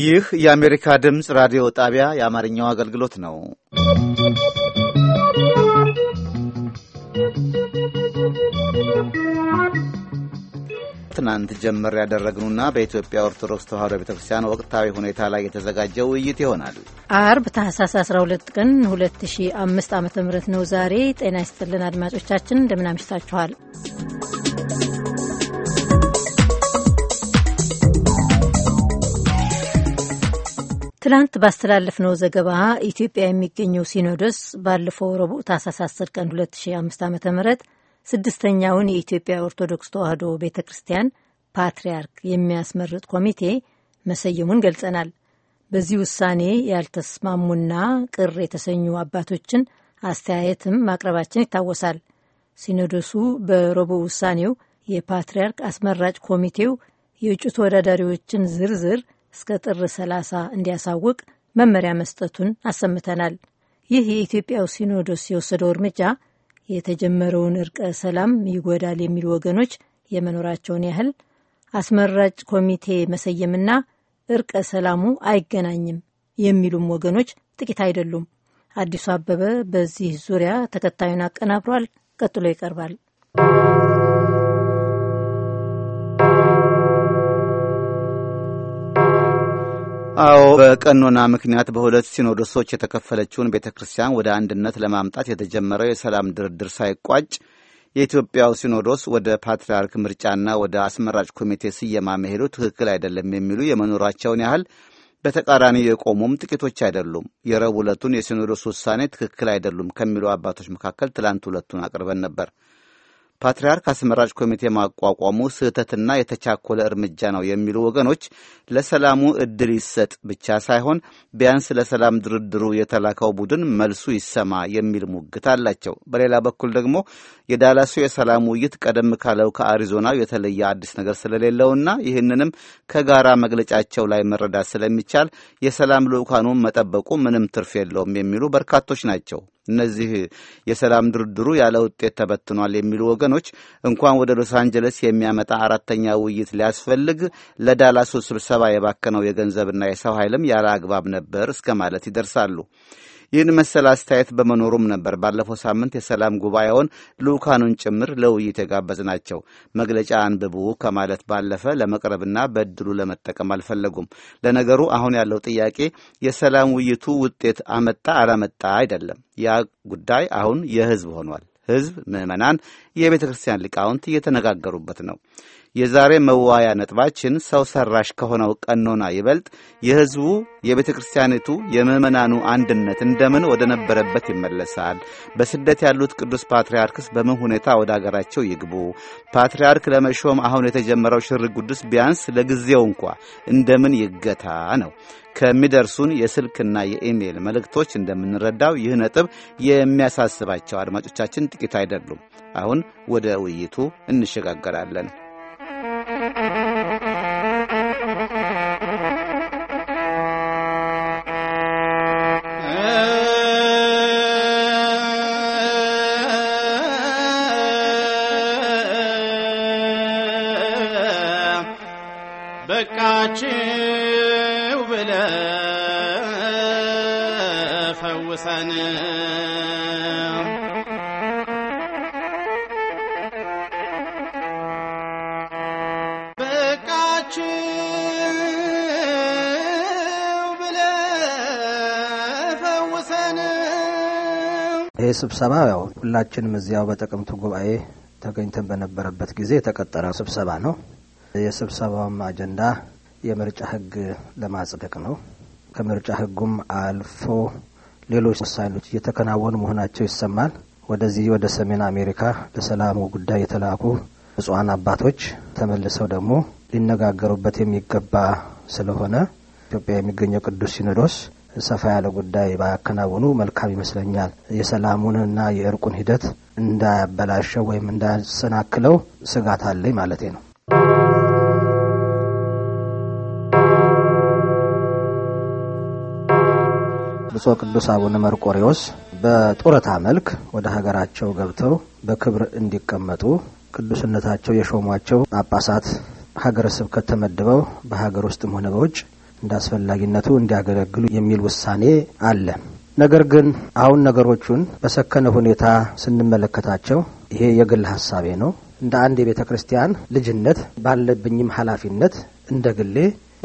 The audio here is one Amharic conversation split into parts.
ይህ የአሜሪካ ድምፅ ራዲዮ ጣቢያ የአማርኛው አገልግሎት ነው። ትናንት ጀምር ያደረግኑና በኢትዮጵያ ኦርቶዶክስ ተዋሕዶ ቤተ ክርስቲያን ወቅታዊ ሁኔታ ላይ የተዘጋጀ ውይይት ይሆናል። አርብ ታህሳስ 12 ቀን 2005 ዓ ም ነው ዛሬ። ጤና ይስጥልን አድማጮቻችን፣ እንደምን አምሽታችኋል? ትላንት ባስተላለፍነው ዘገባ ኢትዮጵያ የሚገኘው ሲኖዶስ ባለፈው ረቡዕ ታኅሳስ 10 ቀን 2005 ዓ.ም ስድስተኛውን የኢትዮጵያ ኦርቶዶክስ ተዋሕዶ ቤተ ክርስቲያን ፓትርያርክ የሚያስመርጥ ኮሚቴ መሰየሙን ገልጸናል። በዚህ ውሳኔ ያልተስማሙና ቅር የተሰኙ አባቶችን አስተያየትም ማቅረባችን ይታወሳል። ሲኖዶሱ በረቡዕ ውሳኔው የፓትርያርክ አስመራጭ ኮሚቴው የእጩ ተወዳዳሪዎችን ዝርዝር እስከ ጥር 30 እንዲያሳውቅ መመሪያ መስጠቱን አሰምተናል። ይህ የኢትዮጵያው ሲኖዶስ የወሰደው እርምጃ የተጀመረውን እርቀ ሰላም ይጎዳል የሚሉ ወገኖች የመኖራቸውን ያህል አስመራጭ ኮሚቴ መሰየምና እርቀ ሰላሙ አይገናኝም የሚሉም ወገኖች ጥቂት አይደሉም። አዲሱ አበበ በዚህ ዙሪያ ተከታዩን አቀናብሯል። ቀጥሎ ይቀርባል። አዎ በቀኖና ምክንያት በሁለት ሲኖዶሶች የተከፈለችውን ቤተ ክርስቲያን ወደ አንድነት ለማምጣት የተጀመረው የሰላም ድርድር ሳይቋጭ የኢትዮጵያው ሲኖዶስ ወደ ፓትርያርክ ምርጫና ወደ አስመራጭ ኮሚቴ ስየማ መሄዱ ትክክል አይደለም የሚሉ የመኖራቸውን ያህል በተቃራኒ የቆሙም ጥቂቶች አይደሉም። የረቡዕ ዕለቱን የሲኖዶስ ውሳኔ ትክክል አይደሉም ከሚሉ አባቶች መካከል ትላንት ሁለቱን አቅርበን ነበር። ፓትርያርክ አስመራጭ ኮሚቴ ማቋቋሙ ስህተትና የተቻኮለ እርምጃ ነው የሚሉ ወገኖች ለሰላሙ እድል ይሰጥ ብቻ ሳይሆን ቢያንስ ለሰላም ድርድሩ የተላከው ቡድን መልሱ ይሰማ የሚል ሙግት አላቸው። በሌላ በኩል ደግሞ የዳላሱ የሰላም ውይይት ቀደም ካለው ከአሪዞናው የተለየ አዲስ ነገር ስለሌለውና ይህንንም ከጋራ መግለጫቸው ላይ መረዳት ስለሚቻል የሰላም ልዑካኑን መጠበቁ ምንም ትርፍ የለውም የሚሉ በርካቶች ናቸው። እነዚህ የሰላም ድርድሩ ያለ ውጤት ተበትኗል የሚሉ ወገኖች እንኳን ወደ ሎስ አንጀለስ የሚያመጣ አራተኛ ውይይት ሊያስፈልግ ለዳላሱ ስብሰባ የባከነው የገንዘብና የሰው ኃይልም ያለ አግባብ ነበር እስከ ማለት ይደርሳሉ። ይህን መሰል አስተያየት በመኖሩም ነበር ባለፈው ሳምንት የሰላም ጉባኤውን ልዑካኑን ጭምር ለውይይት የጋበዝ ናቸው። መግለጫ አንብቡ ከማለት ባለፈ ለመቅረብና በእድሉ ለመጠቀም አልፈለጉም። ለነገሩ አሁን ያለው ጥያቄ የሰላም ውይይቱ ውጤት አመጣ አላመጣ አይደለም። ያ ጉዳይ አሁን የህዝብ ሆኗል። ህዝብ፣ ምዕመናን፣ የቤተ ክርስቲያን ሊቃውንት እየተነጋገሩበት ነው። የዛሬ መዋያ ነጥባችን ሰው ሰራሽ ከሆነው ቀኖና ይበልጥ የሕዝቡ የቤተ ክርስቲያኒቱ የምዕመናኑ አንድነት እንደምን ወደ ነበረበት ይመለሳል? በስደት ያሉት ቅዱስ ፓትርያርክስ በምን ሁኔታ ወደ አገራቸው ይግቡ? ፓትርያርክ ለመሾም አሁን የተጀመረው ሽር ጉዱስ ቢያንስ ለጊዜው እንኳ እንደምን ይገታ ነው። ከሚደርሱን የስልክና የኢሜይል መልእክቶች እንደምንረዳው ይህ ነጥብ የሚያሳስባቸው አድማጮቻችን ጥቂት አይደሉም። አሁን ወደ ውይይቱ እንሸጋገራለን። በቃችው ብለ ፈውሰን ይሄ ስብሰባ ያው ሁላችንም እዚያው በጥቅምቱ ጉባኤ ተገኝተን በነበረበት ጊዜ የተቀጠረ ስብሰባ ነው። የስብሰባውም አጀንዳ የምርጫ ህግ ለማጽደቅ ነው። ከምርጫ ህጉም አልፎ ሌሎች ውሳኔዎች እየተከናወኑ መሆናቸው ይሰማል። ወደዚህ ወደ ሰሜን አሜሪካ ለሰላሙ ጉዳይ የተላኩ ብፁዓን አባቶች ተመልሰው ደግሞ ሊነጋገሩበት የሚገባ ስለሆነ ኢትዮጵያ የሚገኘው ቅዱስ ሲኖዶስ ሰፋ ያለ ጉዳይ ባያከናውኑ መልካም ይመስለኛል። የሰላሙንና የእርቁን ሂደት እንዳያበላሸው ወይም እንዳያሰናክለው ስጋት አለኝ ማለት ነው። ብፁዕ ቅዱስ አቡነ መርቆሬዎስ በጡረታ መልክ ወደ ሀገራቸው ገብተው በክብር እንዲቀመጡ ቅዱስነታቸው የሾሟቸው ጳጳሳት ሀገረ ስብከት ተመድበው በሀገር ውስጥም ሆነ በውጭ እንደ አስፈላጊነቱ እንዲያገለግሉ የሚል ውሳኔ አለ። ነገር ግን አሁን ነገሮቹን በሰከነ ሁኔታ ስንመለከታቸው ይሄ የግል ሀሳቤ ነው። እንደ አንድ የቤተ ክርስቲያን ልጅነት ባለብኝም ኃላፊነት እንደ ግሌ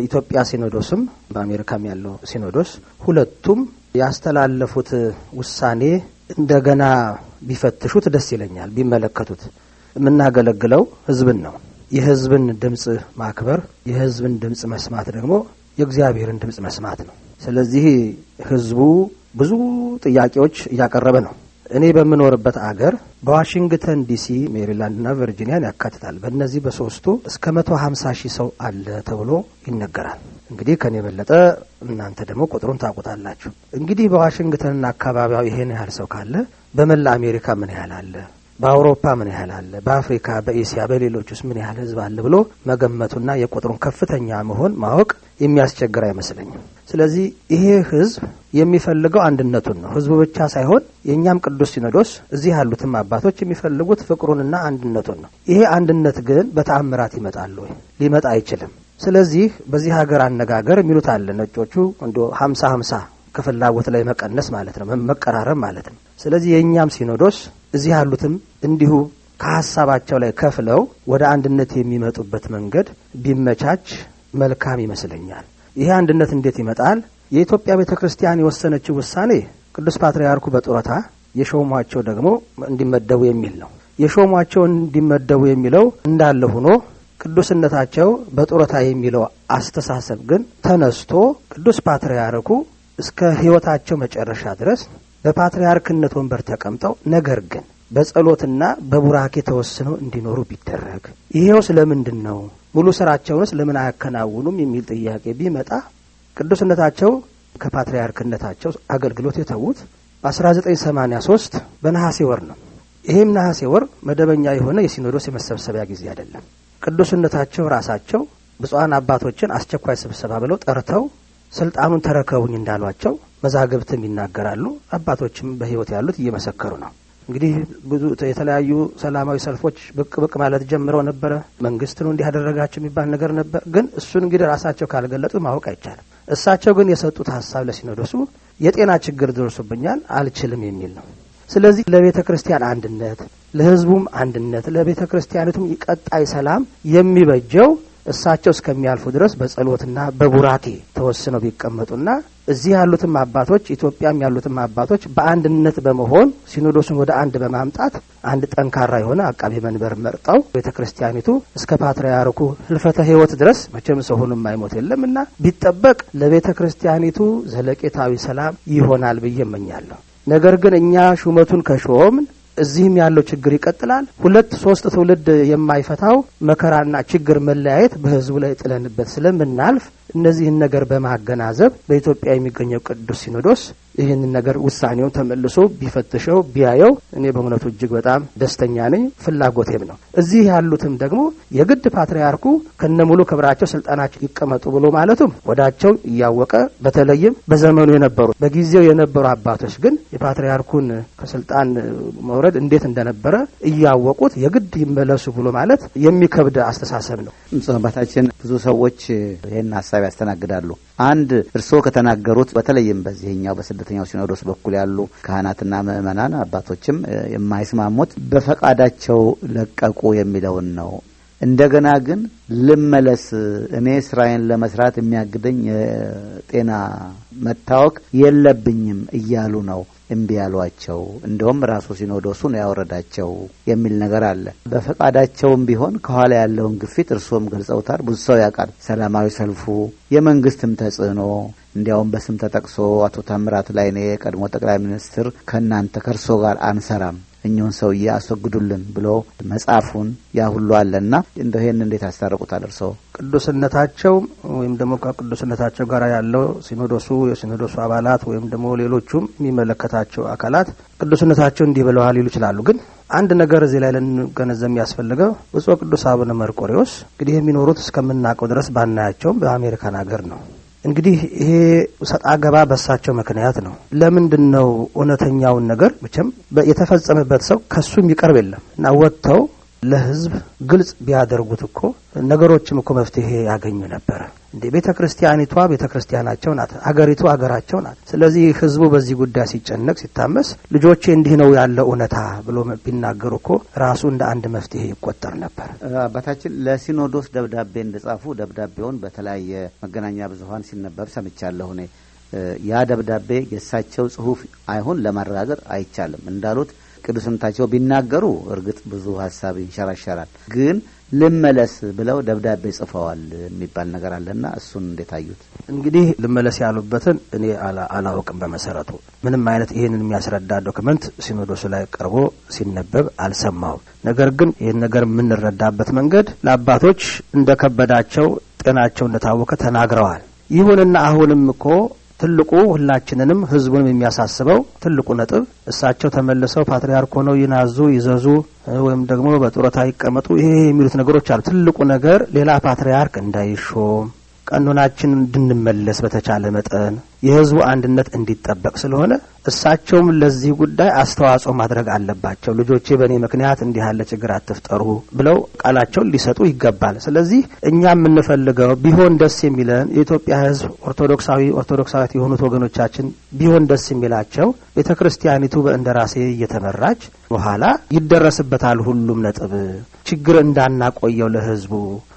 ኢትዮጵያ ሲኖዶስም በአሜሪካም ያለው ሲኖዶስ ሁለቱም ያስተላለፉት ውሳኔ እንደገና ቢፈትሹት ደስ ይለኛል፣ ቢመለከቱት። የምናገለግለው ህዝብን ነው። የህዝብን ድምፅ ማክበር፣ የህዝብን ድምፅ መስማት ደግሞ የእግዚአብሔርን ድምፅ መስማት ነው። ስለዚህ ህዝቡ ብዙ ጥያቄዎች እያቀረበ ነው። እኔ በምኖርበት አገር በዋሽንግተን ዲሲ፣ ሜሪላንድ ና ቨርጂኒያን ያካትታል። በእነዚህ በሶስቱ እስከ መቶ ሀምሳ ሺህ ሰው አለ ተብሎ ይነገራል። እንግዲህ ከኔ የበለጠ እናንተ ደግሞ ቁጥሩን ታውቁታላችሁ። እንግዲህ በዋሽንግተንና አካባቢያው ይሄን ያህል ሰው ካለ በመላ አሜሪካ ምን ያህል አለ? በአውሮፓ ምን ያህል አለ፣ በአፍሪካ፣ በኤስያ፣ በሌሎች ውስጥ ምን ያህል ህዝብ አለ ብሎ መገመቱና የቁጥሩን ከፍተኛ መሆን ማወቅ የሚያስቸግር አይመስለኝም። ስለዚህ ይሄ ህዝብ የሚፈልገው አንድነቱን ነው። ህዝቡ ብቻ ሳይሆን የእኛም ቅዱስ ሲኖዶስ እዚህ ያሉትም አባቶች የሚፈልጉት ፍቅሩንና አንድነቱን ነው። ይሄ አንድነት ግን በተአምራት ይመጣል ወይ? ሊመጣ አይችልም። ስለዚህ በዚህ ሀገር አነጋገር የሚሉት አለ ነጮቹ እንዶ ሀምሳ ሀምሳ ከፍላጎት ላይ መቀነስ ማለት ነው መቀራረብ ማለት ነው። ስለዚህ የእኛም ሲኖዶስ እዚህ ያሉትም እንዲሁ ከሀሳባቸው ላይ ከፍለው ወደ አንድነት የሚመጡበት መንገድ ቢመቻች መልካም ይመስለኛል። ይሄ አንድነት እንዴት ይመጣል? የኢትዮጵያ ቤተ ክርስቲያን የወሰነችው ውሳኔ ቅዱስ ፓትርያርኩ በጡረታ የሾሟቸው ደግሞ እንዲመደቡ የሚል ነው። የሾሟቸው እንዲመደቡ የሚለው እንዳለ ሆኖ ቅዱስነታቸው በጡረታ የሚለው አስተሳሰብ ግን ተነስቶ ቅዱስ ፓትርያርኩ እስከ ሕይወታቸው መጨረሻ ድረስ በፓትርያርክነት ወንበር ተቀምጠው ነገር ግን በጸሎትና በቡራኬ ተወስነው እንዲኖሩ ቢደረግ ይሄው ስለምንድን ነው ሙሉ ስራቸውንስ ለምን አያከናውኑም የሚል ጥያቄ ቢመጣ ቅዱስነታቸው ከፓትርያርክነታቸው አገልግሎት የተዉት በ1983 በነሐሴ ወር ነው። ይህም ነሐሴ ወር መደበኛ የሆነ የሲኖዶስ የመሰብሰቢያ ጊዜ አይደለም። ቅዱስነታቸው ራሳቸው ብፁዓን አባቶችን አስቸኳይ ስብሰባ ብለው ጠርተው ስልጣኑን ተረከቡኝ እንዳሏቸው መዛግብትም ይናገራሉ። አባቶችም በህይወት ያሉት እየመሰከሩ ነው። እንግዲህ ብዙ የተለያዩ ሰላማዊ ሰልፎች ብቅ ብቅ ማለት ጀምረው ነበረ። መንግስት ነው እንዲያደረጋቸው የሚባል ነገር ነበር። ግን እሱን እንግዲህ ራሳቸው ካልገለጡ ማወቅ አይቻልም። እሳቸው ግን የሰጡት ሀሳብ ለሲኖዶሱ የጤና ችግር ደርሶብኛል አልችልም የሚል ነው። ስለዚህ ለቤተ ክርስቲያን አንድነት፣ ለህዝቡም አንድነት፣ ለቤተ ክርስቲያኒቱም ቀጣይ ሰላም የሚበጀው እሳቸው እስከሚያልፉ ድረስ በጸሎትና በቡራኬ ተወስነው ቢቀመጡና እዚህ ያሉትም አባቶች ኢትዮጵያም ያሉትም አባቶች በአንድነት በመሆን ሲኖዶሱን ወደ አንድ በማምጣት አንድ ጠንካራ የሆነ አቃቤ መንበር መርጠው ቤተ ክርስቲያኒቱ እስከ ፓትርያርኩ ህልፈተ ህይወት ድረስ መቼም ሰሆኑም አይሞት የለም እና ቢጠበቅ ለቤተ ክርስቲያኒቱ ዘለቄታዊ ሰላም ይሆናል ብዬ እመኛለሁ። ነገር ግን እኛ ሹመቱን ከሾምን እዚህም ያለው ችግር ይቀጥላል። ሁለት ሶስት ትውልድ የማይፈታው መከራና ችግር መለያየት በህዝቡ ላይ ጥለንበት ስለምናልፍ እነዚህን ነገር በማገናዘብ በኢትዮጵያ የሚገኘው ቅዱስ ሲኖዶስ ይህንን ነገር ውሳኔውን ተመልሶ ቢፈትሸው ቢያየው እኔ በእውነቱ እጅግ በጣም ደስተኛ ነኝ፣ ፍላጎቴም ነው። እዚህ ያሉትም ደግሞ የግድ ፓትርያርኩ ከነ ሙሉ ክብራቸው ስልጣናቸው ይቀመጡ ብሎ ማለቱም ወዳቸው እያወቀ በተለይም በዘመኑ የነበሩ በጊዜው የነበሩ አባቶች ግን የፓትርያርኩን ከስልጣን መውረድ እንዴት እንደነበረ እያወቁት የግድ ይመለሱ ብሎ ማለት የሚከብድ አስተሳሰብ ነው። ምጽ አባታችን ብዙ ሰዎች ይህን ሀሳብ ያስተናግዳሉ። አንድ እርስዎ ከተናገሩት በተለይም በዚህኛው በስደተኛው ሲኖዶስ በኩል ያሉ ካህናትና ምእመናን አባቶችም የማይስማሙት በፈቃዳቸው ለቀቁ የሚለውን ነው። እንደገና ግን ልመለስ እኔ ስራዬን ለመስራት የሚያግደኝ የጤና መታወክ የለብኝም እያሉ ነው እምቢ ያሏቸው። እንደውም ራሱ ሲኖዶሱ ነው ያወረዳቸው የሚል ነገር አለ። በፈቃዳቸውም ቢሆን ከኋላ ያለውን ግፊት እርስዎም ገልጸውታል። ብዙ ሰው ያውቃል። ሰላማዊ ሰልፉ፣ የመንግስትም ተጽዕኖ እንዲያውም በስም ተጠቅሶ አቶ ታምራት ላይኔ የቀድሞ ጠቅላይ ሚኒስትር ከእናንተ ከርሶ ጋር አንሰራም እኚሁን ሰውዬ አስወግዱልን ብሎ መጽሐፉን ያ ሁሉ አለና እንደ ይህን እንዴት ያስታረቁታል እርስዎ? ቅዱስነታቸው ወይም ደግሞ ከቅዱስነታቸው ጋር ያለው ሲኖዶሱ፣ የሲኖዶሱ አባላት ወይም ደግሞ ሌሎቹም የሚመለከታቸው አካላት ቅዱስነታቸው እንዲህ ብለዋል ሊሉ ይችላሉ። ግን አንድ ነገር እዚህ ላይ ልንገነዘብ የሚያስፈልገው ብፁዕ ቅዱስ አቡነ መርቆሬዎስ እንግዲህ የሚኖሩት እስከምናውቀው ድረስ ባናያቸውም በአሜሪካን ሀገር ነው። እንግዲህ ይሄ ሰጣ ገባ በሳቸው ምክንያት ነው። ለምንድን ነው እውነተኛውን ነገር ብቻም የተፈጸመበት ሰው ከሱ የሚቀርብ የለም እና ወጥተው ለህዝብ ግልጽ ቢያደርጉት እኮ ነገሮችም እኮ መፍትሄ ያገኙ ነበረ። እንዴ ቤተ ክርስቲያኒቷ ቤተ ክርስቲያናቸው ናት፣ አገሪቱ አገራቸው ናት። ስለዚህ ህዝቡ በዚህ ጉዳይ ሲጨነቅ ሲታመስ፣ ልጆቼ እንዲህ ነው ያለ እውነታ ብሎ ቢናገሩ እኮ ራሱ እንደ አንድ መፍትሄ ይቆጠር ነበር። አባታችን ለሲኖዶስ ደብዳቤ እንደጻፉ ደብዳቤውን በተለያየ መገናኛ ብዙኃን ሲነበብ ሰምቻለሁ እኔ ያ ደብዳቤ የእሳቸው ጽሁፍ አይሆን ለማረጋገጥ አይቻልም እንዳሉት ቅዱስነታቸው ቢናገሩ እርግጥ ብዙ ሀሳብ ይንሸራሸራል። ግን ልመለስ ብለው ደብዳቤ ጽፈዋል የሚባል ነገር አለና እሱን እንዴት አዩት? እንግዲህ ልመለስ ያሉበትን እኔ አላውቅም። በመሰረቱ ምንም አይነት ይህንን የሚያስረዳ ዶክመንት ሲኖዶሱ ላይ ቀርቦ ሲነበብ አልሰማሁም። ነገር ግን ይህን ነገር የምንረዳበት መንገድ ለአባቶች እንደከበዳቸው ጤናቸው እንደታወቀ ተናግረዋል። ይሁንና አሁንም እኮ ትልቁ ሁላችንንም ህዝቡንም የሚያሳስበው ትልቁ ነጥብ እሳቸው ተመልሰው ፓትሪያርክ ሆነው ይናዙ ይዘዙ ወይም ደግሞ በጡረታ ይቀመጡ ይሄ የሚሉት ነገሮች አሉ። ትልቁ ነገር ሌላ ፓትርያርክ እንዳይሾም ቀኖናችን እንድንመለስ በተቻለ መጠን የህዝቡ አንድነት እንዲጠበቅ ስለሆነ እሳቸውም ለዚህ ጉዳይ አስተዋጽኦ ማድረግ አለባቸው። ልጆቼ በእኔ ምክንያት እንዲህ ያለ ችግር አትፍጠሩ ብለው ቃላቸውን ሊሰጡ ይገባል። ስለዚህ እኛ የምንፈልገው ቢሆን ደስ የሚለን የኢትዮጵያ ሕዝብ ኦርቶዶክሳዊ ኦርቶዶክሳዊት የሆኑት ወገኖቻችን ቢሆን ደስ የሚላቸው ቤተ ክርስቲያኒቱ በእንደራሴ እየተመራች በኋላ ይደረስበታል ሁሉም ነጥብ ችግር እንዳናቆየው ለህዝቡ።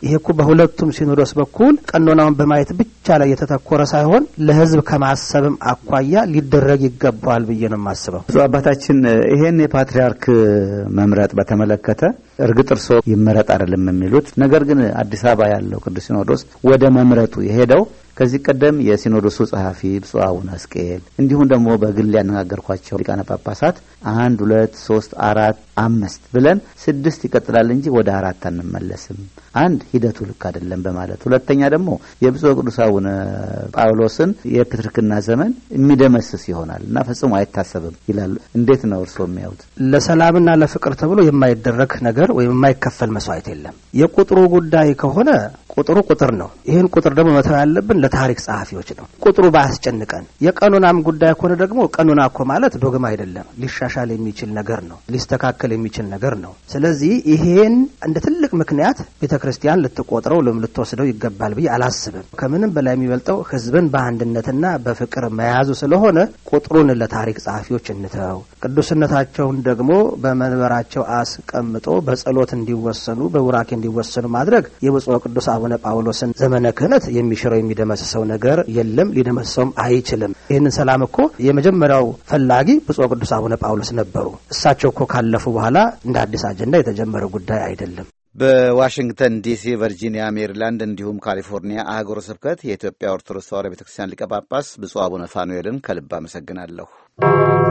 ይሄ እኮ በሁለቱም ሲኖዶስ በኩል ቀኖናውን በማየት ብቻ ላይ የተተኮረ ሳይሆን ለህዝብ ከማሰብም አኳያ ሊደረግ ይገባል ይገባዋል ብዬ ነው የማስበው። ብፁዕ አባታችን ይሄን የፓትርያርክ መምረጥ በተመለከተ እርግጥ እርሶ ይመረጥ አይደለም የሚሉት ነገር ግን አዲስ አበባ ያለው ቅዱስ ሲኖዶስ ወደ መምረጡ የሄደው ከዚህ ቀደም የሲኖዶሱ ጸሐፊ ብፁዕ አቡነ አስቄል እንዲሁም ደግሞ በግል ያነጋገርኳቸው ሊቃነ ጳጳሳት አንድ ሁለት ሶስት አራት አምስት ብለን ስድስት ይቀጥላል እንጂ ወደ አራት አንመለስም። አንድ ሂደቱ ልክ አይደለም በማለት ሁለተኛ ደግሞ የብፁዕ ቅዱስ አቡነ ጳውሎስን የፕትርክና ዘመን የሚደመስስ ይሆናል እና ፈጽሞ አይታሰብም ይላሉ። እንዴት ነው እርስዎ የሚያዩት? ለሰላምና ለፍቅር ተብሎ የማይደረግ ነገር ወይም የማይከፈል መስዋዕት የለም። የቁጥሩ ጉዳይ ከሆነ ቁጥሩ ቁጥር ነው። ይህን ቁጥር ደግሞ መተው ያለብን በታሪክ ጸሐፊዎች ነው። ቁጥሩ ባያስጨንቀን። የቀኖናም ጉዳይ ከሆነ ደግሞ ቀኖና እኮ ማለት ዶግማ አይደለም፣ ሊሻሻል የሚችል ነገር ነው፣ ሊስተካከል የሚችል ነገር ነው። ስለዚህ ይሄን እንደ ትልቅ ምክንያት ቤተ ክርስቲያን ልትቆጥረው ወይም ልትወስደው ይገባል ብዬ አላስብም። ከምንም በላይ የሚበልጠው ህዝብን በአንድነትና በፍቅር መያዙ ስለሆነ ቁጥሩን ለታሪክ ጸሐፊዎች እንተው፣ ቅዱስነታቸውን ደግሞ በመንበራቸው አስቀምጦ በጸሎት እንዲወሰኑ፣ በቡራኬ እንዲወሰኑ ማድረግ የብፁዕ ቅዱስ አቡነ ጳውሎስን ዘመነ ክህነት የሚሽረው የሚደ የደመሰሰው ነገር የለም፣ ሊደመስሰውም አይችልም። ይህንን ሰላም እኮ የመጀመሪያው ፈላጊ ብፁዕ ቅዱስ አቡነ ጳውሎስ ነበሩ። እሳቸው እኮ ካለፉ በኋላ እንደ አዲስ አጀንዳ የተጀመረ ጉዳይ አይደለም። በዋሽንግተን ዲሲ፣ ቨርጂኒያ፣ ሜሪላንድ እንዲሁም ካሊፎርኒያ አህጉረ ስብከት የኢትዮጵያ ኦርቶዶክስ ተዋሕዶ ቤተክርስቲያን ሊቀ ጳጳስ ብፁዕ አቡነ ፋኑኤልን ከልብ አመሰግናለሁ።